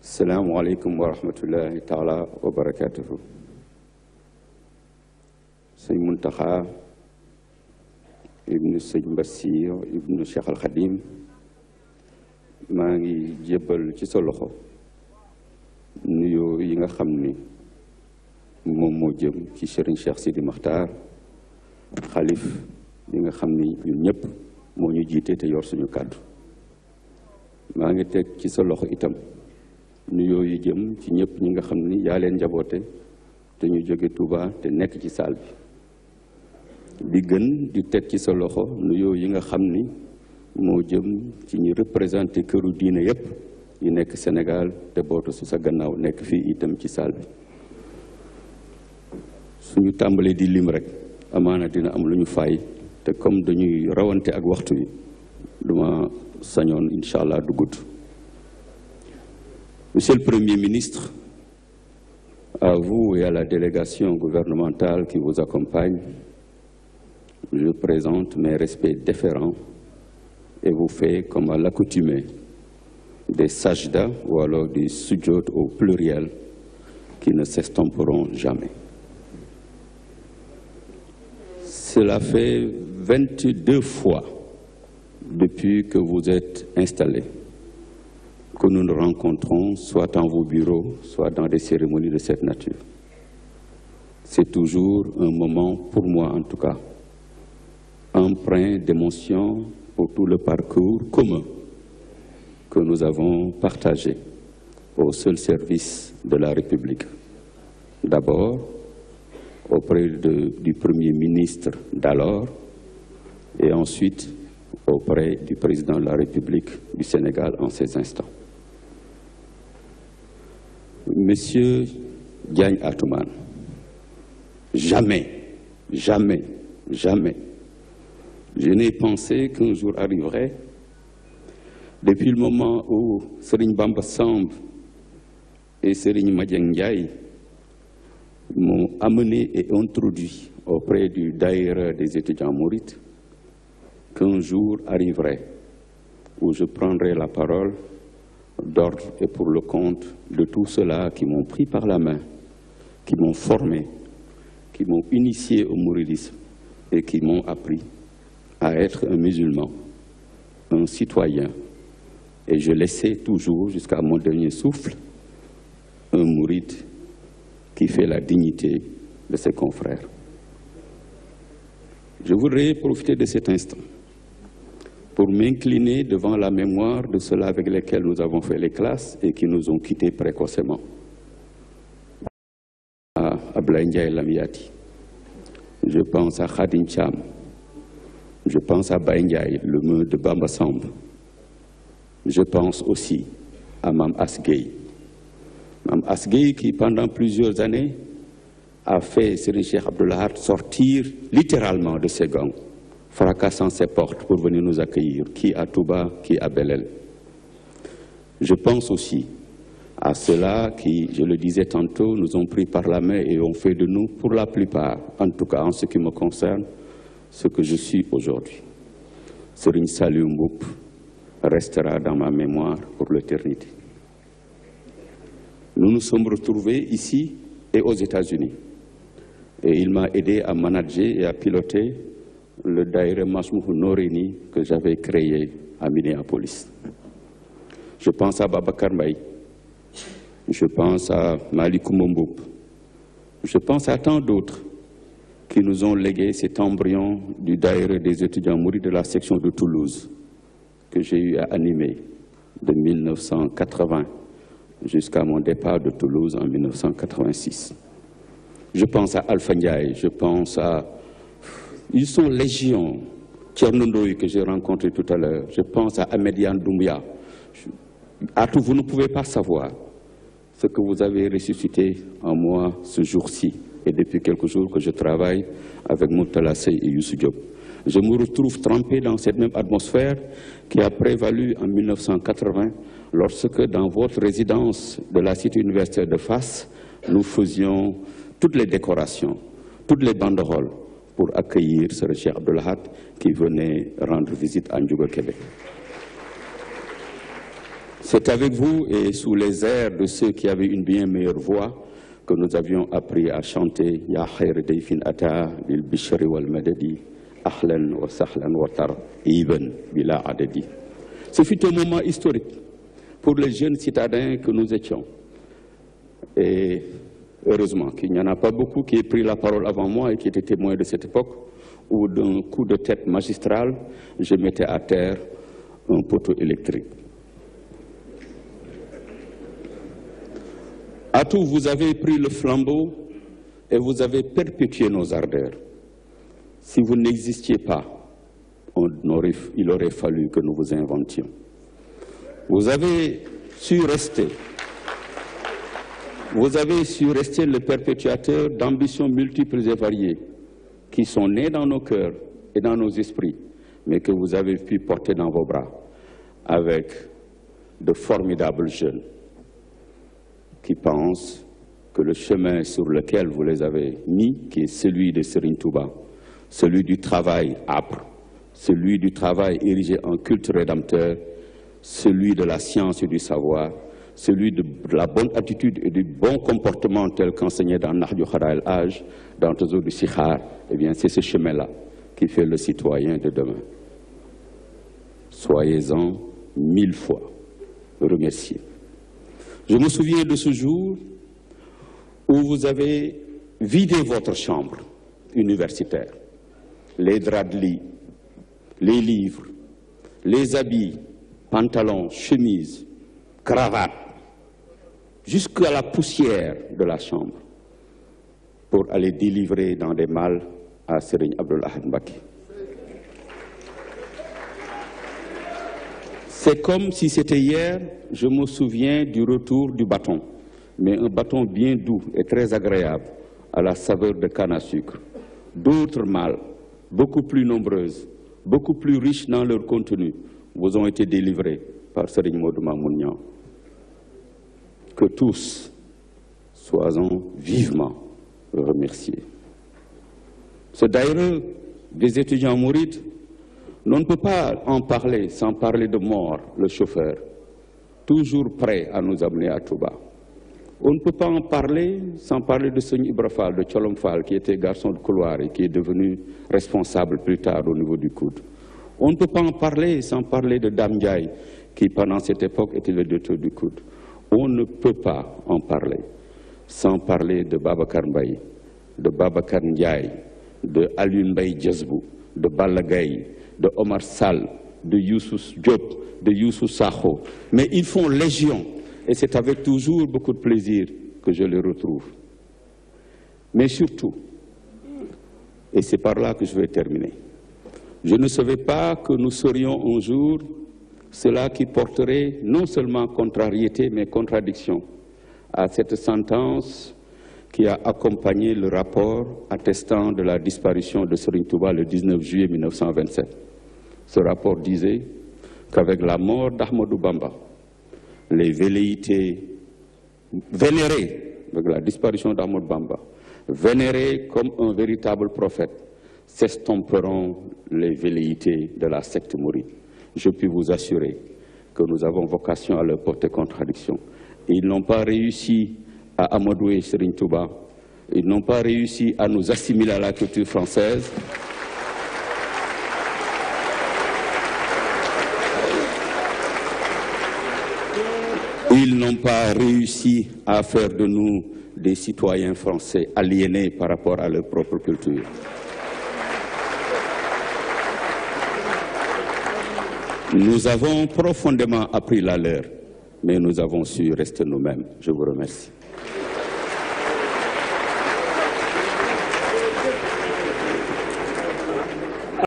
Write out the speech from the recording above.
السلام عليكم ورحمة الله تعالى وبركاته سيد منتخى ابن السيد بسير ابن الشيخ الخديم ماني جبل تسلخو نيو ييغا خامني مومو جيم كي شيرين شيخ سيدي مختار خليف ييغا خامني ني مو ني تيور سونو كادو maa ngi teg ci sa loxo itam nuyoo yi jëm ci ñëpp ñi nga xam ni yaa leen njaboote te ñu jóge Touba te nekk ci saal bi bi gën di teg ci sa loxo nuyoo yi nga xam ni moo jëm ci ñu représenté këru diine yépp yu nekk Sénégal te bootu su sa gannaaw nekk fii itam ci saal bi suñu tàmbalee di lim rek amaana dina am lu ñu fay te comme dañuy rawante ak waxtu wi monsieur le premier ministre à vous et à la délégation gouvernementale qui vous accompagne je présente mes respects différents et vous fais comme à l'accoutumée des sajda ou alors des sujot au pluriel qui ne s'estomperont jamais. Cela fait 22 fois depuis que vous êtes installés, que nous nous rencontrons soit dans vos bureaux, soit dans des cérémonies de cette nature. C'est toujours un moment, pour moi en tout cas, empreint d'émotion pour tout le parcours commun que nous avons partagé au seul service de la République. D'abord, auprès du Premier ministre d'alors, et ensuite auprès du président de la République du Sénégal en ces instants. Monsieur Diagne Atouman, jamais, jamais, jamais, je n'ai pensé qu'un jour arriverait, depuis le moment où Serigne Bamba Samb et Serigne Madiang m'ont amené et introduit auprès du Daïra des étudiants maurites, qu'un jour arriverait où je prendrai la parole d'ordre et pour le compte de tous ceux-là qui m'ont pris par la main, qui m'ont formé, qui m'ont initié au mouridisme et qui m'ont appris à être un musulman, un citoyen. Et je laissais toujours, jusqu'à mon dernier souffle, un mouride qui fait la dignité de ses confrères. Je voudrais profiter de cet instant pour m'incliner devant la mémoire de ceux avec lesquels nous avons fait les classes et qui nous ont quittés précocement. À Ablaïndia Lamiyati. Je pense à Khadim Cham. Je pense à Baïndiaï, le meut de Bamba Je pense aussi à Mam Asgei. Mam Asgei qui, pendant plusieurs années, a fait Sérin Cheikh Abdullah sortir littéralement de ses gants fracassant ses portes pour venir nous accueillir, qui à Touba, qui à Belel. Je pense aussi à ceux-là qui, je le disais tantôt, nous ont pris par la main et ont fait de nous, pour la plupart, en tout cas en ce qui me concerne, ce que je suis aujourd'hui. Serine Saloum restera dans ma mémoire pour l'éternité. Nous nous sommes retrouvés ici et aux États-Unis. Et il m'a aidé à manager et à piloter le Daïre Masmouf Norini que j'avais créé à Minneapolis. Je pense à Baba Karmaï. je pense à Malik je pense à tant d'autres qui nous ont légué cet embryon du Daïre des étudiants mourus de la section de Toulouse que j'ai eu à animer de 1980 jusqu'à mon départ de Toulouse en 1986. Je pense à Alpha je pense à ils sont légions. Tchernondoï, que j'ai rencontré tout à l'heure, je pense à Amédian Doumbia. À tout, vous ne pouvez pas savoir ce que vous avez ressuscité en moi ce jour-ci et depuis quelques jours que je travaille avec Moutala et Youssou Diop. Je me retrouve trempé dans cette même atmosphère qui a prévalu en 1980 lorsque dans votre résidence de la cité universitaire de face, nous faisions toutes les décorations, toutes les banderoles, pour accueillir ce Cheikh Abdelhat qui venait rendre visite à ndjougo Québec. C'est avec vous et sous les airs de ceux qui avaient une bien meilleure voix que nous avions appris à chanter Ya Khair Ata Bil Bishri Wal Madadi Ahlan wa Sahlan wa Tar Ibn Bila Adadi. Ce fut un moment historique pour les jeunes citadins que nous étions. Et heureusement qu'il n'y en a pas beaucoup qui aient pris la parole avant moi et qui étaient témoins de cette époque où d'un coup de tête magistral, je mettais à terre un poteau électrique. À tout, vous avez pris le flambeau et vous avez perpétué nos ardeurs. Si vous n'existiez pas, il aurait fallu que nous vous inventions. Vous avez su rester vous avez su rester le perpétuateur d'ambitions multiples et variées qui sont nées dans nos cœurs et dans nos esprits, mais que vous avez pu porter dans vos bras avec de formidables jeunes qui pensent que le chemin sur lequel vous les avez mis, qui est celui de Serine Touba, celui du travail âpre, celui du travail érigé en culte rédempteur, celui de la science et du savoir, celui de la bonne attitude et du bon comportement tel qu'enseigné dans Nahju Khara el aj dans Tazou du Sikhar, eh bien, c'est ce chemin-là qui fait le citoyen de demain. Soyez-en mille fois remerciés. Je me souviens de ce jour où vous avez vidé votre chambre universitaire, les draps de lit, les livres, les habits, pantalons, chemises, cravates, jusqu'à la poussière de la chambre pour aller délivrer dans des mâles à Serigne Abdullah Nbaki. C'est comme si c'était hier, je me souviens du retour du bâton, mais un bâton bien doux et très agréable, à la saveur de canne à sucre. D'autres mâles, beaucoup plus nombreuses, beaucoup plus riches dans leur contenu, vous ont été délivrés par Serigne Maudouma Mounian que tous soient vivement remerciés. Ce d'ailleurs des étudiants mourides, on ne peut pas en parler sans parler de mort, le chauffeur, toujours prêt à nous amener à Touba. On ne peut pas en parler sans parler de Sonny Ibrafal, de Cholomfal, qui était garçon de couloir et qui est devenu responsable plus tard au niveau du coude. On ne peut pas en parler sans parler de Damjai, qui pendant cette époque était le docteur du coude on ne peut pas en parler sans parler de Baba Mbaye, de Baba Ndiaye, de Alun Mbaye de Balagaï, de Omar Sal, de Youssou Diop, de Youssou Saho. Mais ils font légion et c'est avec toujours beaucoup de plaisir que je les retrouve. Mais surtout, et c'est par là que je vais terminer, je ne savais pas que nous serions un jour cela qui porterait non seulement contrariété, mais contradiction à cette sentence qui a accompagné le rapport attestant de la disparition de Sorin Touba le 19 juillet 1927. Ce rapport disait qu'avec la mort d'Ahmadou Bamba, les velléités vénérées, avec la disparition d'Ahmadou Bamba, vénérées comme un véritable prophète, s'estomperont les velléités de la secte mouride je puis vous assurer que nous avons vocation à leur porter contradiction. Ils n'ont pas réussi à amadouer Serine Touba, ils n'ont pas réussi à nous assimiler à la culture française. Ils n'ont pas réussi à faire de nous des citoyens français aliénés par rapport à leur propre culture. Nous avons profondément appris la leur, mais nous avons su rester nous-mêmes. Je vous remercie.